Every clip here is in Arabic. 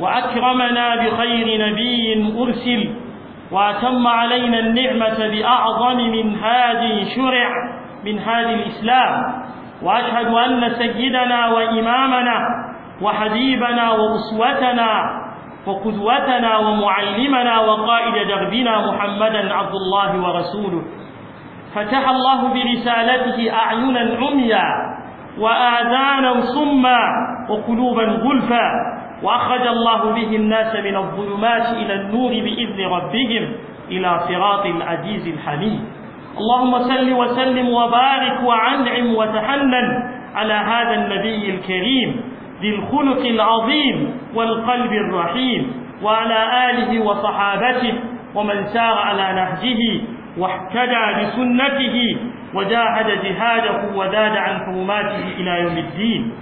وأكرمنا بخير نبي أرسل وأتم علينا النعمة بأعظم هذه شرع منهاج الإسلام وأشهد أن سيدنا وإمامنا وحبيبنا وأسوتنا وقدوتنا ومعلمنا وقائد دربنا محمدا عبد الله ورسوله فتح الله برسالته أعينا عميا وآذانا صما وقلوبا غلفا وأخرج الله به الناس من الظلمات إلى النور بإذن ربهم إلى صراط العزيز الحميد اللهم سل وسلم وبارك وعنعم وتحنن على هذا النبي الكريم ذي الخلق العظيم والقلب الرحيم وعلى آله وصحابته ومن سار على نهجه واحتجى بسنته وجاهد جهاده وداد عن حرماته إلى يوم الدين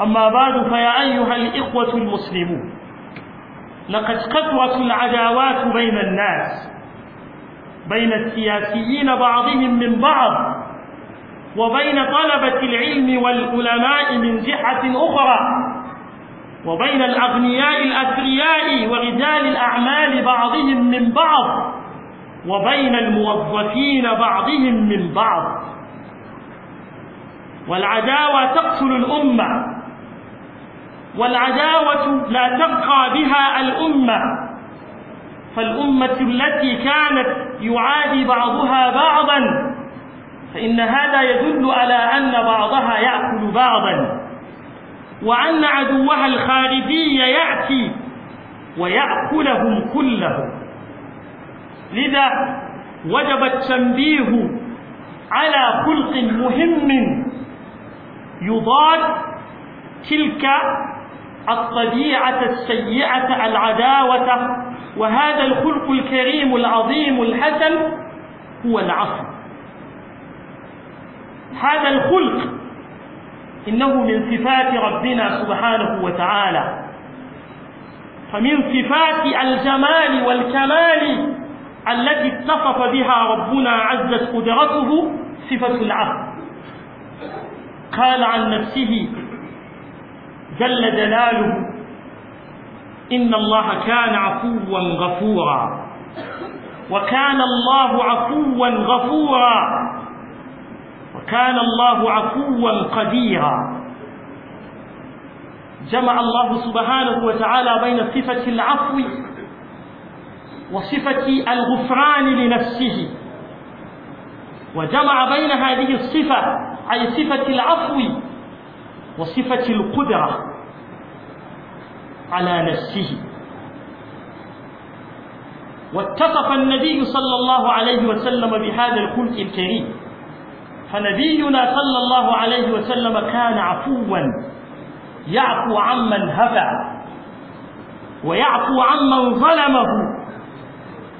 أما بعد فيا أيها الإخوة المسلمون لقد كثرت العداوات بين الناس بين السياسيين بعضهم من بعض وبين طلبة العلم والعلماء من جهة أخرى وبين الأغنياء الأثرياء ورجال الأعمال بعضهم من بعض وبين الموظفين بعضهم من بعض والعداوة تقتل الأمة والعداوة لا تبقى بها الأمة فالأمة التي كانت يعادي بعضها بعضا فإن هذا يدل على أن بعضها يأكل بعضا وأن عدوها الخارجي يأتي ويأكلهم كلهم لذا وجب التنبيه على خلق مهم يضاد تلك الطبيعة السيئة العداوة وهذا الخلق الكريم العظيم الحسن هو العفو هذا الخلق إنه من صفات ربنا سبحانه وتعالى فمن صفات الجمال والكمال التي اتصف بها ربنا عزت قدرته صفة العفو قال عن نفسه جل جلاله إن الله كان عفوا غفورا وكان الله عفوا غفورا وكان الله عفوا قديرا جمع الله سبحانه وتعالى بين صفة العفو وصفة الغفران لنفسه وجمع بين هذه الصفة أي صفة العفو وصفة القدرة على نفسه واتصف النبي صلى الله عليه وسلم بهذا الخلق الكريم فنبينا صلى الله عليه وسلم كان عفوا يعفو عمن هفع ويعفو عمن ظلمه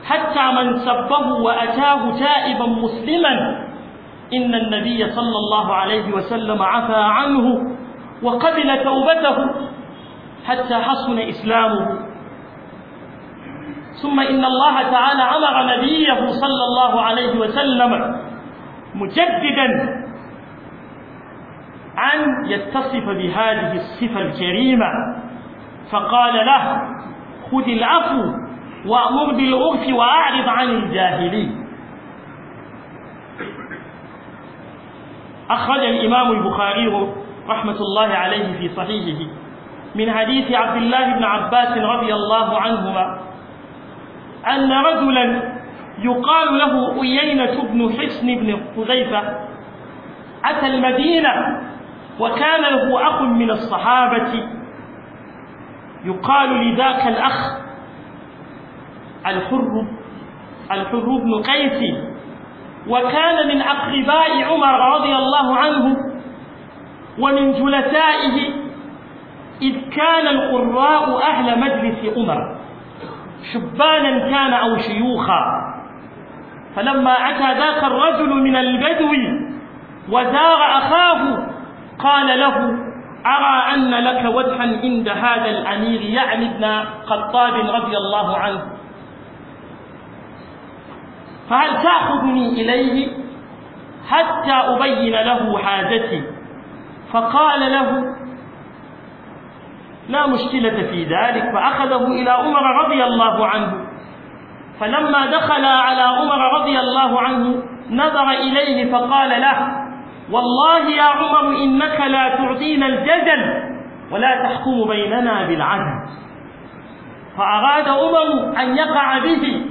حتى من سبه وأتاه تائبا مسلما إن النبي صلى الله عليه وسلم عفى عنه وقبل توبته حتى حسن إسلامه ثم إن الله تعالى أمر نبيه صلى الله عليه وسلم مجددا أن يتصف بهذه الصفة الكريمة فقال له خذ العفو وأمر بالعرف وأعرض عن الجاهلين أخرج الإمام البخاري رحمة الله عليه في صحيحه من حديث عبد الله بن عباس رضي الله عنهما أن رجلا يقال له أيينة بن حصن بن قذيفة أتى المدينة وكان له أخ من الصحابة يقال لذاك الأخ الحر الحر بن قيس وكان من أقرباء عمر رضي الله عنه ومن جلسائه إذ كان القراء أهل مجلس عمر شبانا كان أو شيوخا فلما أتى ذاك الرجل من البدو وزار أخاه قال له أرى أن لك وجها عند هذا الأمير يعني ابن خطاب رضي الله عنه فهل تأخذني إليه حتى أبين له حاجتي فقال له لا مشكلة في ذلك فأخذه إلى عمر رضي الله عنه فلما دخل على عمر رضي الله عنه نظر إليه فقال له والله يا عمر إنك لا تعطينا الجدل ولا تحكم بيننا بالعدل فأراد عمر أن يقع به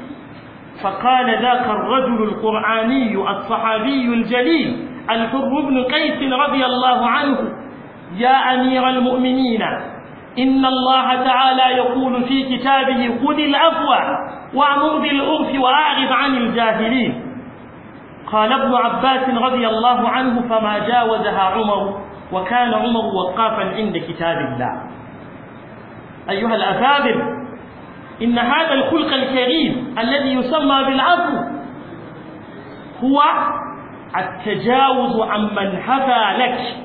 فقال ذاك الرجل القرآني الصحابي الجليل الحر بن قيس رضي الله عنه يا أمير المؤمنين إن الله تعالى يقول في كتابه خذ العفو وأمر بالعرف وأعرض عن الجاهلين قال ابن عباس رضي الله عنه فما جاوزها عمر وكان عمر وقافا عند كتاب الله أيها الأفاضل إن هذا الخلق الكريم الذي يسمى بالعفو هو التجاوز عمن هفى لك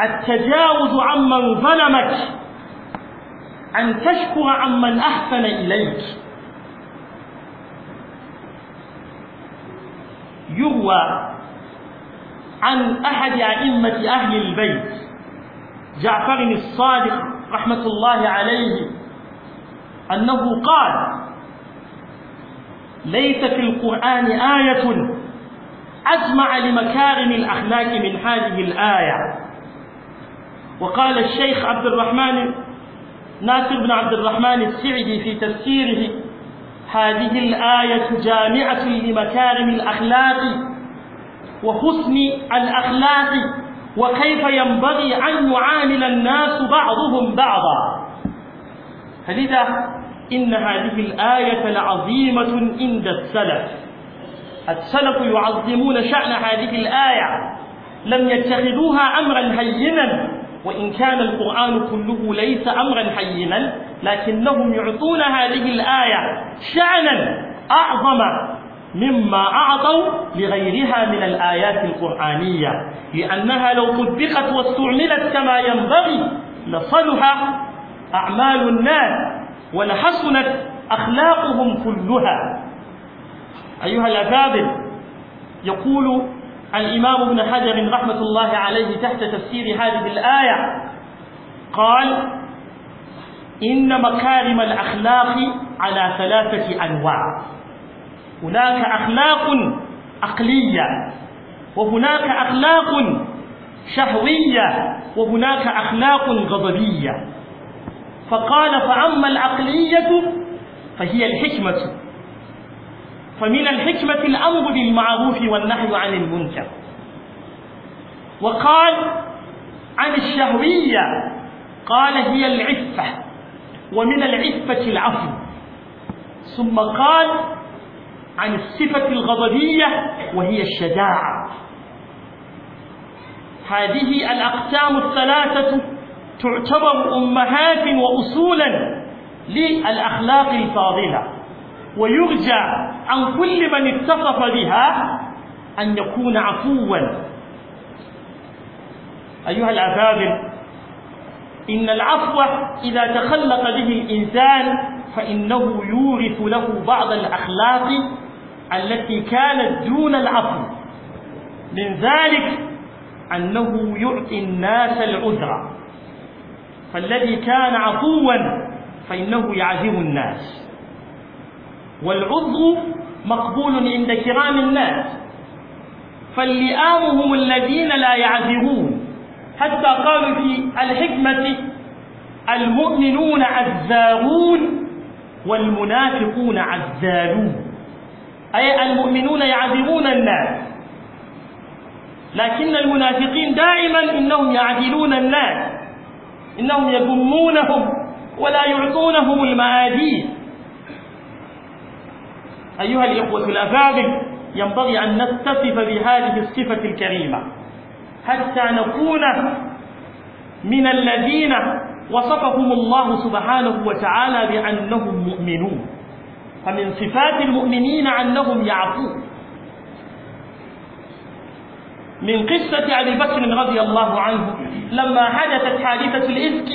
التجاوز عمن ظلمك أن تشكر عمن أحسن إليك يروى عن أحد أئمة أهل البيت جعفر الصادق رحمة الله عليه أنه قال ليس في القرآن آية أجمع لمكارم الأخلاق من هذه الآية وقال الشيخ عبد الرحمن ناصر بن عبد الرحمن السعدي في تفسيره هذه الآية جامعة لمكارم الأخلاق وحسن الأخلاق وكيف ينبغي أن يعامل الناس بعضهم بعضا فلذا إن هذه الآية لعظيمة عند السلف السلف يعظمون شأن هذه الآية لم يتخذوها أمرا هينا وإن كان القرآن كله ليس أمرا هينا لكنهم يعطون هذه الآية شأنا أعظم مما أعطوا لغيرها من الآيات القرآنية لأنها لو طبقت واستعملت كما ينبغي لصلح أعمال الناس ولحسنت أخلاقهم كلها أيها الأكابر يقول الإمام ابن حجر رحمة الله عليه تحت تفسير هذه الآية قال إن مكارم الأخلاق على ثلاثة أنواع هناك أخلاق عقلية وهناك أخلاق شهوية وهناك أخلاق غضبية فقال فأما العقلية فهي الحكمة فمن الحكمة الأمر بالمعروف والنهي عن المنكر وقال عن الشهوية قال هي العفة ومن العفة العفو ثم قال عن الصفة الغضبية وهي الشجاعة هذه الأقسام الثلاثة تعتبر أمهات وأصولا للأخلاق الفاضلة ويرجى عن كل من اتصف بها أن يكون عفوا أيها الأفاضل إن العفو إذا تخلق به الإنسان فإنه يورث له بعض الأخلاق التي كانت دون العفو من ذلك أنه يعطي الناس العذر فالذي كان عفوا فإنه يعزم الناس والعضو مقبول عند كرام الناس فاللئام هم الذين لا يعذرون حتى قالوا في الحكمة المؤمنون عذارون والمنافقون عذارون أي المؤمنون يعذرون الناس لكن المنافقين دائما إنهم يعذرون الناس إنهم يذمونهم ولا يعطونهم المآديب أيها الإخوة الأفاضل ينبغي أن نتصف بهذه الصفة الكريمة حتى نكون من الذين وصفهم الله سبحانه وتعالى بأنهم مؤمنون فمن صفات المؤمنين أنهم يعفون من قصة أبي بكر رضي الله عنه لما حدثت حادثة الإفك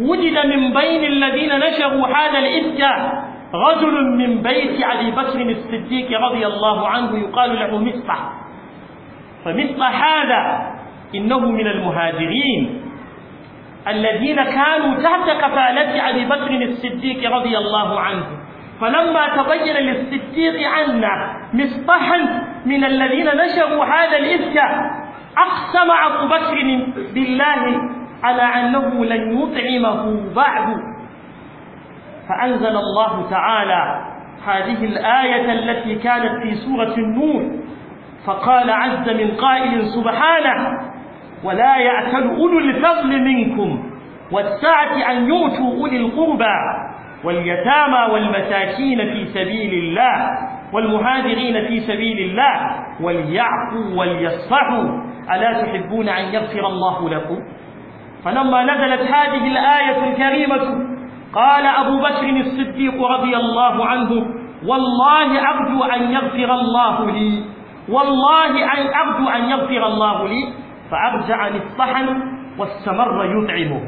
وجد من بين الذين نشروا هذا الإفك رجل من بيت ابي بكر الصديق رضي الله عنه يقال له مصطح فمثل هذا إنه من المهاجرين الذين كانوا تحت كفالة أبي بكر الصديق رضي الله عنه فلما تبين للصديق عنا مصطحا من الذين نشروا هذا الإفك أقسم أبو بكر بالله على أنه لن يطعمه بعد فأنزل الله تعالى هذه الآية التي كانت في سورة النور فقال عز من قائل سبحانه ولا يعتل أولو الفضل منكم والسعة أن يؤتوا أولي القربى واليتامى والمساكين في سبيل الله والمهاجرين في سبيل الله وليعفوا وليصفحوا ألا تحبون أن يغفر الله لكم فلما نزلت هذه الآية الكريمة قال أبو بكر الصديق رضي الله عنه والله أرجو أن يغفر الله لي والله أن أرجو أن يغفر الله لي فأرجع للطحن واستمر يطعمه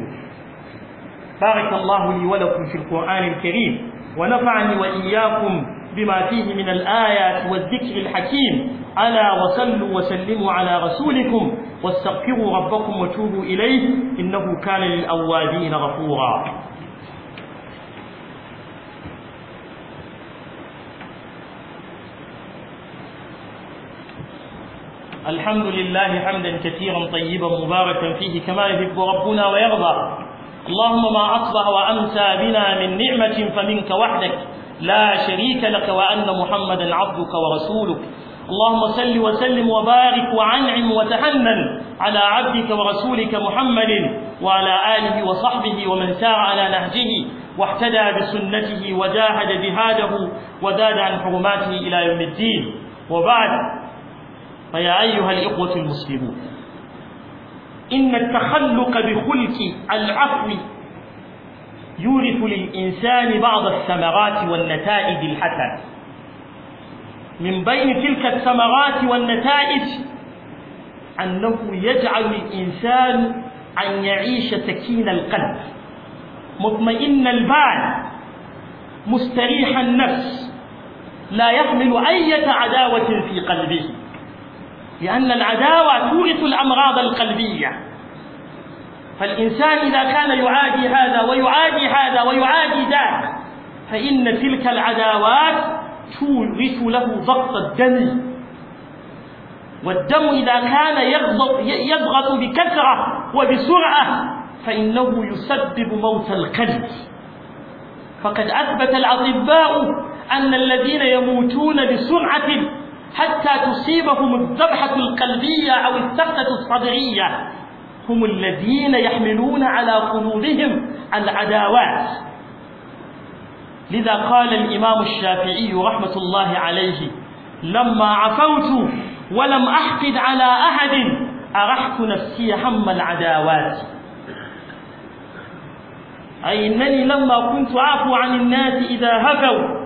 بارك الله لي ولكم في القرآن الكريم ونفعني وإياكم بما فيه من الآيات والذكر الحكيم ألا وصلوا وسلموا على رسولكم واستغفروا ربكم وتوبوا إليه إنه كان للأوابين غفورا الحمد لله حمدا كثيرا طيبا مباركا فيه كما يحب ربنا ويرضى اللهم ما أصبح وأمسى بنا من نعمة فمنك وحدك لا شريك لك وأن محمدا عبدك ورسولك اللهم صل وسلم وبارك وعنعم وتحنن على عبدك ورسولك محمد وعلى آله وصحبه ومن سار على نهجه واحتدى بسنته وجاهد جهاده وزاد عن حرماته إلى يوم الدين وبعد فيا أيها الإخوة المسلمون إن التخلق بخلق العفو يورث للإنسان بعض الثمرات والنتائج الحسنة من بين تلك الثمرات والنتائج أنه يجعل الإنسان أن يعيش سكين القلب مطمئن البال مستريح النفس لا يحمل أي عداوة في قلبه لأن العداوة تورث الأمراض القلبية فالإنسان إذا كان يعادي هذا ويعادي هذا ويعادي ذاك فإن تلك العداوات تورث له ضغط الدم والدم إذا كان يضغط, بكثرة وبسرعة فإنه يسبب موت القلب فقد أثبت الأطباء أن الذين يموتون بسرعة حتى تصيبهم الذبحة القلبية أو الثقة الصدرية هم الذين يحملون على قلوبهم العداوات لذا قال الإمام الشافعي رحمة الله عليه لما عفوت ولم أحقد على أحد أرحت نفسي هم العداوات أي إنني لما كنت أعفو عن الناس إذا هفوا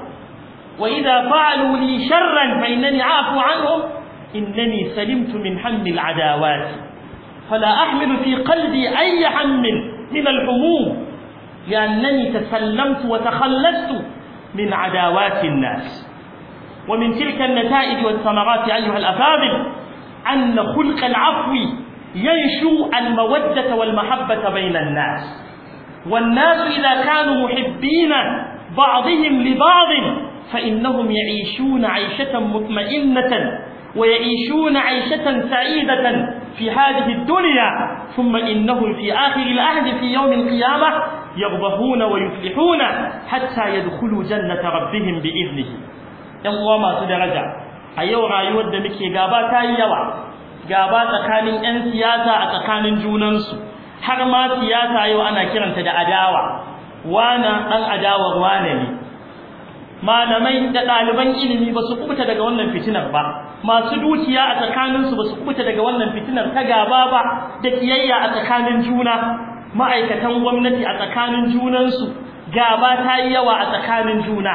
وإذا فعلوا لي شرا فإنني أعفو عنهم إنني سلمت من حم العداوات فلا أحمل في قلبي أي حم من الحموم لأنني تسلمت وتخلصت من عداوات الناس ومن تلك النتائج والثمرات أيها الأفاضل أن خلق العفو ينشو المودة والمحبة بين الناس والناس إذا كانوا محبين بعضهم لبعض فإنهم يعيشون عيشة مطمئنة ويعيشون عيشة سعيدة في هذه الدنيا ثم إنهم في آخر العهد في يوم القيامة يغضبون ويفلحون حتى يدخلوا جنة ربهم بإذنه يوم ما تدرجع أيوة رايود مكي غاباتا يوا غاباتا كان أن سياسة أتكان جونانسو har ma siyasa yau ana kiranta da adawa wana ɗan adawar wane ne malamai da ɗaliban ilimi ba su kubuta daga wannan fitinar ba masu dukiya a tsakaninsu ba su kubuta daga wannan fitinar ta gaba ba da kiyayya a tsakanin juna ma'aikatan gwamnati a tsakanin junansu gaba ta yi yawa a tsakanin juna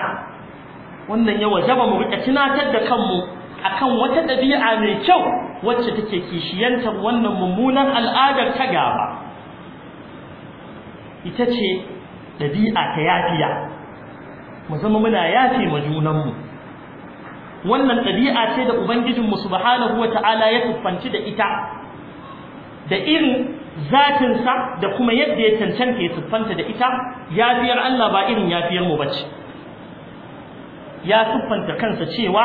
wannan yawa jaba mu rika tunatar da kanmu akan wata ɗabi'a mai kyau wacce take kishiyantar wannan mummunan al'adar ta gaba ita ce dabi'a ta yafiya mu zama muna yafi ma junanmu wannan ɗabi'a ce da ubangijinmu subhanahu wa ta'ala ya tuffanci da ita da irin zatinsa da kuma yadda ya cancanta ya tuffanta da ita yafiyar Allah ba irin yafiyar mu bace ya tuffanta kansa cewa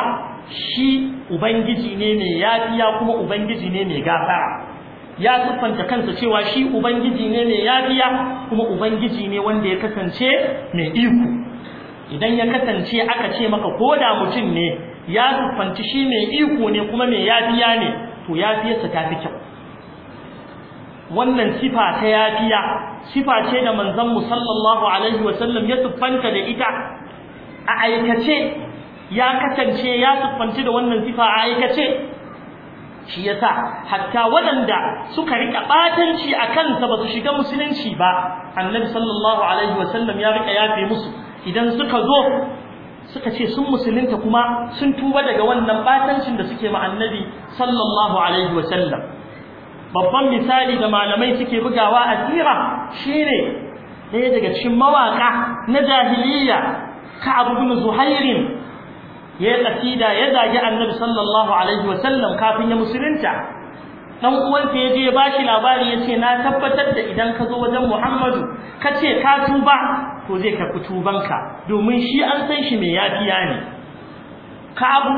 shi ubangiji ne mai yafiya kuma ubangiji ne mai gafara ya tuffanta kansa cewa shi ubangiji ne mai yafiya kuma ubangiji ne wanda ya kasance mai iko idan ya kasance aka ce maka ko da mutum ne ya sufanci shi mai iko ne kuma mai yafiya ne to yafiyarsa ta fi kyau wannan sifa ta yafiya sifa ce da manzon mu sallallahu alaihi wa sallam ya sufanta da ita a aikace ya kasance ya sufanci da wannan sifa a aikace shi yasa hatta waɗanda suka rika batanci a kansa ba su shiga musulunci ba annabi sallallahu alaihi wa sallam ya rika yafe musu idan suka zo suka ce sun musulunta kuma sun tuba daga wannan batancin da suke ma annabi sallallahu alaihi wa sallam babban misali da malamai suke bugawa a tsira shine ɗaya daga cikin mawaka na jahiliya ka'ab ibn zuhairin ya kasida ya zagi annabi sallallahu alaihi wa sallam kafin ya musulunta dan uwansa ya je ya bashi labari ya ce na tabbatar da idan ka zo wajen Muhammadu kace ka tuba to zai karɓi tubanka domin shi an san shi mai yafiya ne Kabu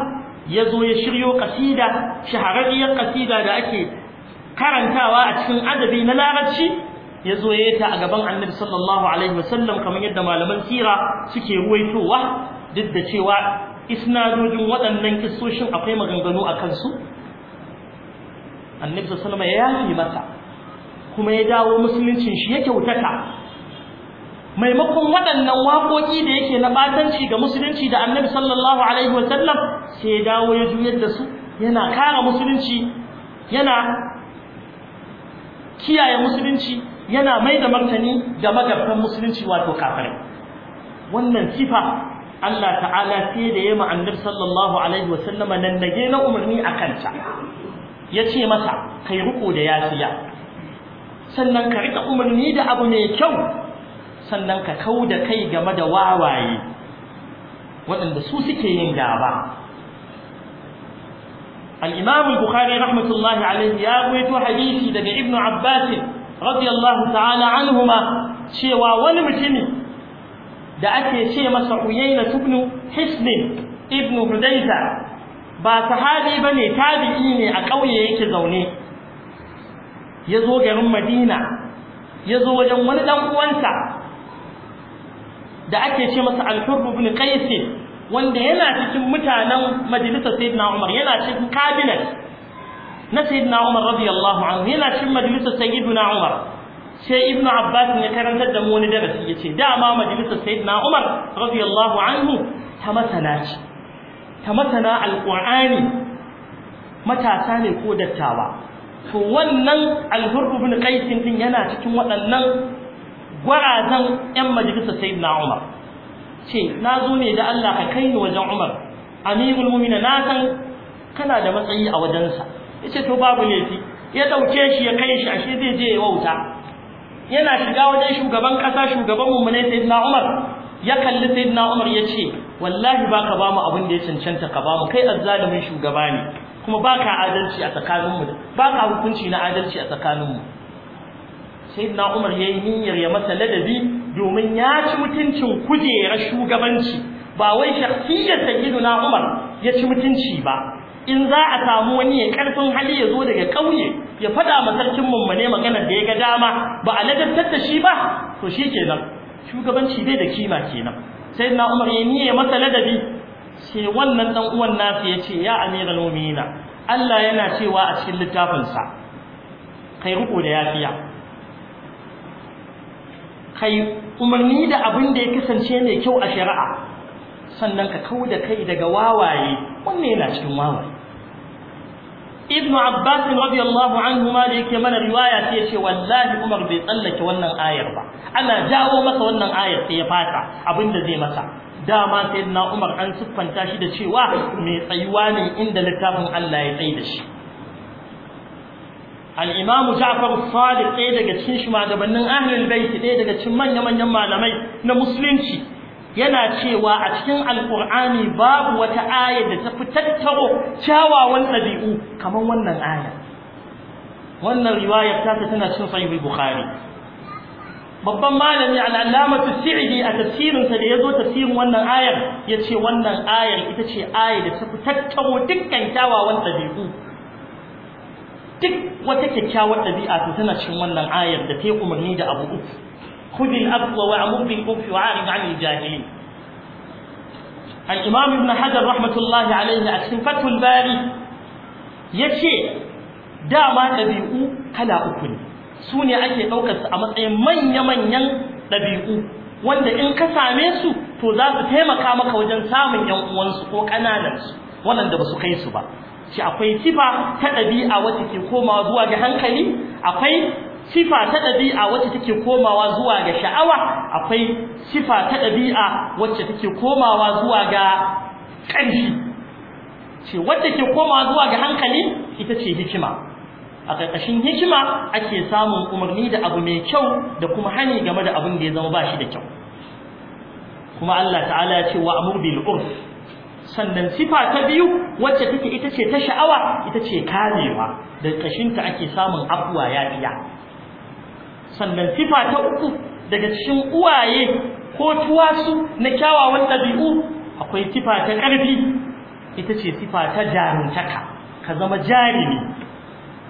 ya zo ya shiryo kasida shahararriyar kasida da ake karantawa a cikin adabi na larabci ya zo ya ta a gaban annabi sallallahu alaihi wasallam kamar yadda malaman sira suke ruwaitowa duk da cewa isnadojin waɗannan kissoshin akwai maganganu a kansu annabi sallallahu alaihi wasallam ya yafi masa kuma ya dawo musuluncin shi ya kyautata maimakon waɗannan waƙoƙi da yake na batanci ga musulunci da annabi sallallahu alaihi wasallam sai ya dawo ya juyar da su yana kara musulunci yana kiyaye musulunci yana mai da martani da magabtan musulunci wato kafirai wannan sifa Allah ta'ala sai da yayi annabi sallallahu alaihi wasallama nan nage na umarni akan ta ya ce masa kai riko da yasiya sannan ka rika umarni da abu mai kyau sannan ka kau da kai game da wawaye waɗanda su suke yin gaba al-imam al-bukhari rahmatullahi alayhi ya waito hadisi daga ibn abbas radiyallahu ta'ala anhuma cewa wani mutumi da ake ce masa uyayna ibn hisn ibn hudayta ba sahabi ba ne tabi'i ne a ƙauye yake zaune ya zo garin madina ya zo wajen wani ɗan uwansa da ake ce masa alhurbu bin qaisi wanda yana cikin mutanen majalisar sayyidina umar yana cikin cabinet na sayyidina umar radiyallahu anhu yana cikin majalisar sayyidina umar sai ibn abbas ne karanta da mu wani darasi yace dama majalisar sayyidina umar radiyallahu anhu ta masana ce ta masana alƙur'ani matasa ne ko dattawa to wannan alhurru bin qaisin din yana cikin waɗannan gwarazan ƴan majalisar sayyidina Umar ce na zo ne da Allah ka kai ni wajen Umar amirul mu'minin na san kana da matsayi a wajensa yace to babu laifi ya dauke shi ya kai shi ashe zai je ya wauta yana shiga wajen shugaban kasa shugaban mu sayyidina Umar ya kalli sayyidina Umar yace wallahi baka ba mu abin da ya cancanta ka ba mu kai azzalumin shugaba ne kuma baka adalci a tsakanin mu baka hukunci na adalci a tsakanin mu sayyidina Umar yayi niyyar ya masa ladabi domin ya ci mutuncin kujera shugabanci ba wai shakhsiyar sayyidina Umar ya ci mutunci ba in za a samu wani ya karfin hali ya zo daga kauye ya fada ma sarkin ne maganar da ya ga dama ba a ladabtar da shi ba to shi kenan shugabanci bai da kima kenan sai na umar ya niye masa ladabi sai wannan dan uwan nasu ya ce ya amiral mu'minina Allah yana cewa a cikin littafinsa kai ruku da yafiya kai umarni da abin da ya kasance mai kyau a shari'a sannan ka kau da kai daga wawaye wannan yana cikin wawaye ibn abbas radiyallahu anhuma da yake mana riwaya sai yace wallahi umar bai tsallake wannan ayar ba ana jawo masa wannan ayar sai ya fata abinda zai masa dama sayyidina umar an siffanta shi da cewa mai tsayuwa ne inda littafin Allah ya tsaye da shi al-imam Ja'far Sadiq ɗaya daga cikin shugabannin ahlul bait ɗaya daga cikin manyan manyan malamai na musulunci yana cewa a cikin alkur'ani babu wata aya da ta fi tattaro kyawawan ɗabi'u kamar wannan aya wannan riwaya ta tana cin sahih bukhari babban malami al'allamatu sirri a sa da ya zo tafsirin wannan ayar yace wannan ayar ita ce aya da ta fi tattaro dukkan kyawawan ɗabi'u duk wata kyakkyawar ɗabi'a to tana cikin wannan ayar da ta yi umarni da abu uku خذ الأقوى وأمر بالعرف وأعرض عن الجاهلين الإمام ابن حجر رحمة الله عليه أكسن فتح الباري يكي دعما ne, كلا أكل سوني أكي أوكس أمس من يمن ين تبيئو wanda in ka same su to za su taimaka maka wajen samun yan uwansu ko kananansu waɗanda ba su kai su ba shi akwai sifa ta ɗabi'a wacce ke komawa zuwa hankali akwai sifa ta ɗabi'a wacce take komawa zuwa ga sha'awa akwai sifa ta ɗabi'a wacce take komawa zuwa ga ƙarfi ce wacce ke komawa zuwa ga hankali ita ce hikima a ƙarƙashin hikima ake samun umarni da abu mai kyau da kuma hani game da abin da ya zama ba shi da kyau kuma Allah ta'ala ya ce wa amur bil urf sannan sifa ta biyu wacce take ita ce ta sha'awa ita ce karewa da ƙashinta ake samun afuwa yafiya sannan sifa ta uku daga cikin uwaye ko tuwasu na kyawawan ɗabi'u akwai sifa ta ƙarfi ita ce sifa ta jaruntaka ka zama jarumi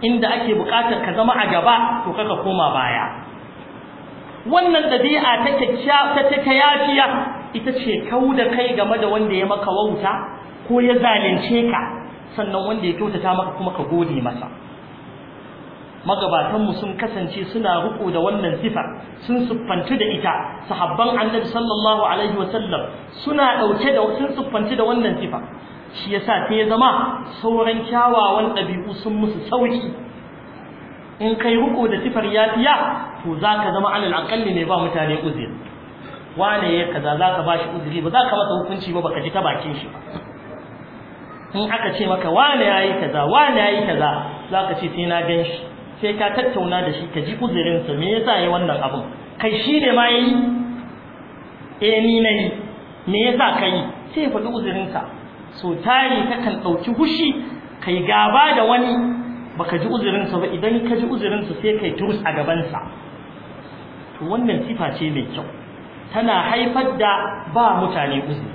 inda ake buƙatar ka zama a gaba to kaka koma baya wannan ɗabi'a ta kyakkyawa ta yafiya ita ce kau da kai game da wanda ya maka wauta ko ya zalunce ka sannan wanda ya kyautata maka kuma ka gode masa magabatanmu sun kasance suna ruku da wannan sifa sun siffantu da ita sahabban annabi sallallahu alaihi wasallam suna dauke da sun siffantu da wannan sifa shi yasa sai ya zama sauran kyawawan dabi'u sun musu sauki in kai ruku da sifar yafiya to zaka zama alal aqalli ne ba mutane uzuri wane ya kaza zaka bashi uzuri ba zaka masa hukunci ba baka ji ta bakin shi ba in aka ce maka wane yayi kaza wane yayi kaza zaka ce sai na gan shi sai ka tattauna da shi ka ji uzurinsa me yasa yayi wannan abin kai shi ne ma yayi eh ni ne me yasa kai sai ka faɗi uzurinsa so tari kakan ɗauki hushi kai gaba da wani baka ji uzurinsa ba idan ka ji uzurinsa sai kai turus a gabansa to wannan sifa ce mai kyau tana haifar da ba mutane uzuri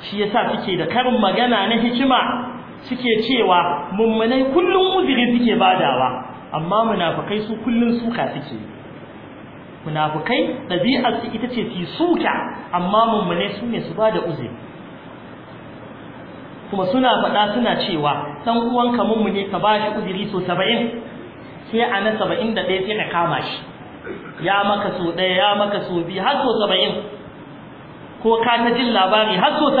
shi yasa suke da karin magana na hikima suke cewa mummunai kullum uzuri suke badawa amma munafukai su kullum suka suke munafukai ɗabi'ar su ita ce su suka amma mummunai su ne su bada uzuri kuma suna faɗa suna cewa ɗan uwanka mummune ka ba shi uzuri so 70 sai a na saba'in da ɗaya sai ka kama shi ya maka so ɗaya ya maka so biyu har so 70 ko ka ta jin labari har so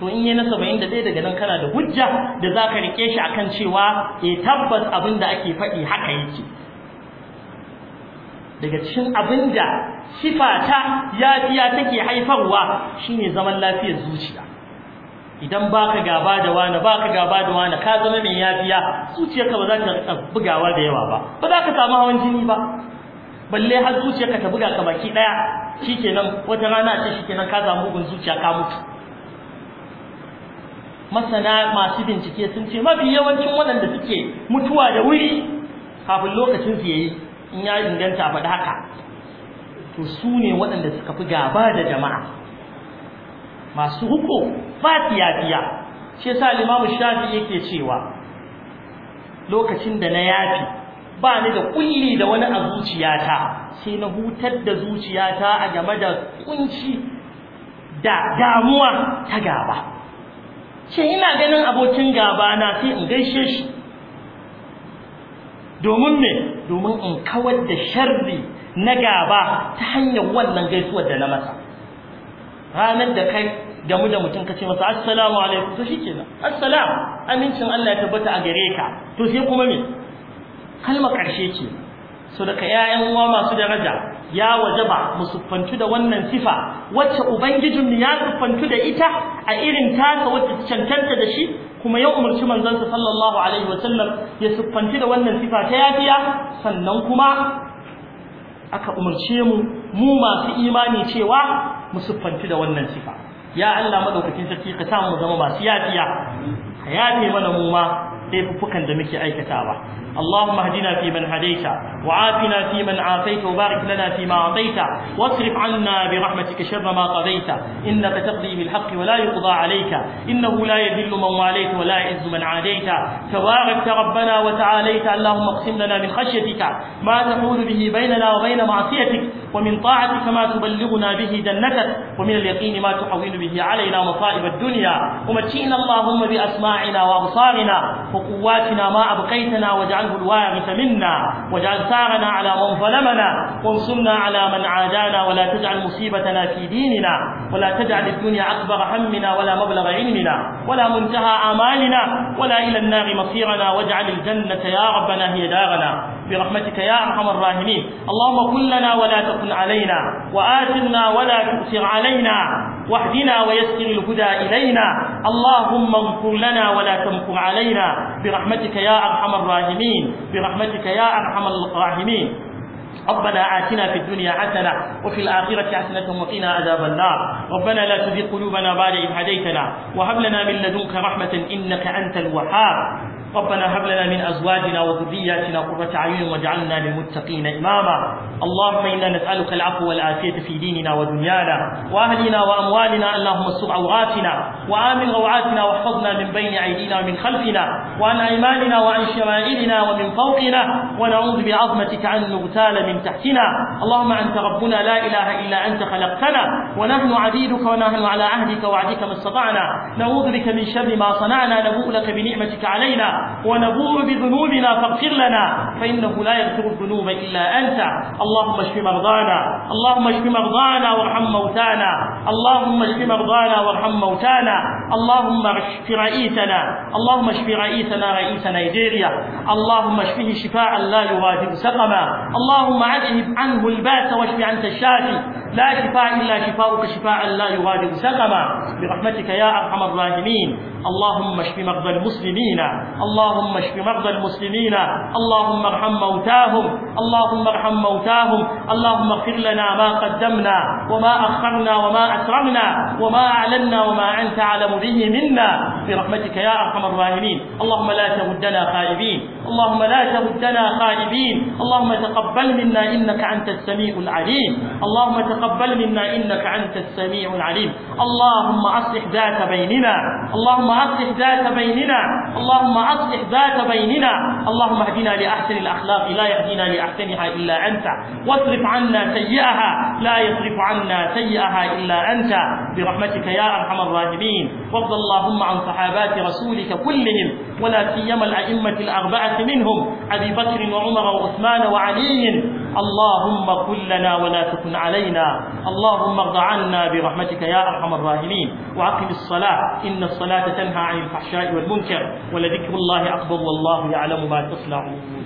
to in yi na saba'in da ɗaya daga nan kana da hujja da za ka rike shi kan cewa e tabbas abin da ake faɗi haka yake daga cikin abin da sifata ya yafiya take haifarwa shine zaman lafiyar zuciya idan ba ka gaba da wani ka gaba da wani ka zama mai yafiya zuciyarka ba za ta bugawa da yawa ba ba za ka samu hawan jini ba balle har zuciyarka ta buga ka baki daya shikenan wata rana ce shikenan ka samu bugun zuciya ka mutu masana masu bincike sun ce mafi yawancin waɗanda suke mutuwa da wuri kafin lokacin su yayi in ya inganta ba da haka to su ne waɗanda suka fi gaba da jama'a masu huko ba tiyafiya shi yasa limamu shafi yake cewa lokacin da na yafi ba ni da kulli da wani a zuciyata sai na hutar da zuciyata a game da kunci da damuwa ta gaba ce ina ganin abokin gaba na sai in gaishe shi domin me domin in kawar da sharri na gaba ta hanyar wannan gaisuwar da na masa ranar da kai gamu da mutum kace masa assalamu alaikum to shikenan assalam amincin Allah ya tabbata a gare ka to sai kuma me kalmar karshe ce so daga ƴaƴan uwa masu daraja ya wajaba mu da wannan sifa wacce ubangijinmu ya sufantu da ita a irin taka wacce cancanta da shi kuma ya umarci manzansa sallallahu alaihi wasallam ya sufantu da wannan sifa ta yafiya sannan kuma aka umarce mu mu masu imani cewa mu da wannan sifa ya Allah madaukakin sarki ka mu zama masu yafiya ka yafe mana mu ma laifukan da muke wa? Allahumma hadina fi man hadaita wa afina fi man afaita wa barik lana fi ma atayta wa asrif 'anna bi rahmatika sharra ma qadaita innaka taqdi bil haqqi wa la yuqda 'alayka innahu la yadhillu man walayta wa la yu'izzu man 'adayta tawaghta rabbana wa ta'alayta Allahumma aqsim lana min khashyatika ma nahulu bihi bainana wa bain ma'siyatika ومن طاعتك ما تبلغنا به جنتك ومن اليقين ما تحول به علينا مصائب الدنيا ومتينا اللهم بأسماعنا وأبصارنا وقواتنا ما أبقيتنا واجعله الوارث منا واجعل ثارنا على من ظلمنا وانصرنا على من عادانا ولا تجعل مصيبتنا في ديننا ولا تجعل الدنيا أكبر همنا ولا مبلغ علمنا ولا منتهى آمالنا ولا إلى النار مصيرنا واجعل الجنة يا ربنا هي دارنا برحمتك يا ارحم الراحمين اللهم كن لنا ولا تكن علينا واتنا ولا تؤثر علينا واهدنا ويسر الهدى إلينا اللهم انكر لنا ولا تمكر علينا برحمتك يا أرحم الراحمين برحمتك يا أرحم الراحمين ربنا آتنا في الدنيا حسنة وفي الآخرة حسنة وقنا عذاب النار ربنا لا تزغ قلوبنا بعد إذ هديتنا وهب لنا من لدنك رحمة إنك أنت الوهاب ربنا هب لنا من ازواجنا وذرياتنا قرة اعين واجعلنا للمتقين اماما اللهم انا نسالك العفو والعافيه في ديننا ودنيانا واهلنا واموالنا اللهم استر عوراتنا وامن روعاتنا واحفظنا من بين ايدينا ومن خلفنا وعن ايماننا وعن شمائلنا ومن فوقنا ونعوذ بعظمتك ان نغتال من تحتنا اللهم انت ربنا لا اله الا انت خلقتنا ونحن عبيدك ونحن على عهدك وعدك ما استطعنا نعوذ بك من شر ما صنعنا نبوء لك بنعمتك علينا ونبوء بذنوبنا فاغفر لنا فإنه لا يغفر الذنوب إلا أنت اللهم اشف مرضانا اللهم اشف مرضانا وارحم موتانا اللهم اشف مرضانا وارحم موتانا اللهم اشف رئيسنا اللهم اشف رئيسنا رئيس نيجيريا اللهم اشفه شفاء لا يغادر سقما اللهم عذب عنه الباس واشف عنك الشافي لا شفاء إلا شفاؤك شفاء لا يغادر سقما برحمتك يا أرحم الراحمين اللهم اشف مرضى المسلمين اللهم اشف مرضى المسلمين اللهم ارحم موتاهم اللهم ارحم موتاهم اللهم اغفر لنا ما قدمنا وما أخرنا وما أسررنا وما أعلنا وما أنت أعلم به منا برحمتك يا أرحم الراحمين اللهم لا تردنا خائبين اللهم لا تردنا خائبين اللهم تقبل منا إنك أنت السميع العليم اللهم تقبل منا إنك أنت السميع العليم اللهم أصلح ذات بيننا اللهم أصلح ذات بيننا اللهم أصلح ذات بيننا اللهم اهدنا لأحسن الأخلاق لا يهدينا لأحسنها إلا أنت واصرف عنا سيئها لا يصرف عنا سيئها إلا أنت برحمتك يا أرحم الراحمين وارض اللهم عن صحابات رسولك كلهم ولا سيما الأئمة الأربعة منهم أبي بكر وعمر وعثمان وعلي اللهم كن لنا ولا تكن علينا اللهم ارض عنا برحمتك يا أرحم الراحمين وأقم الصلاة إن الصلاة تنهى عن الفحشاء والمنكر ولذكر الله أكبر والله يعلم ما تصنعون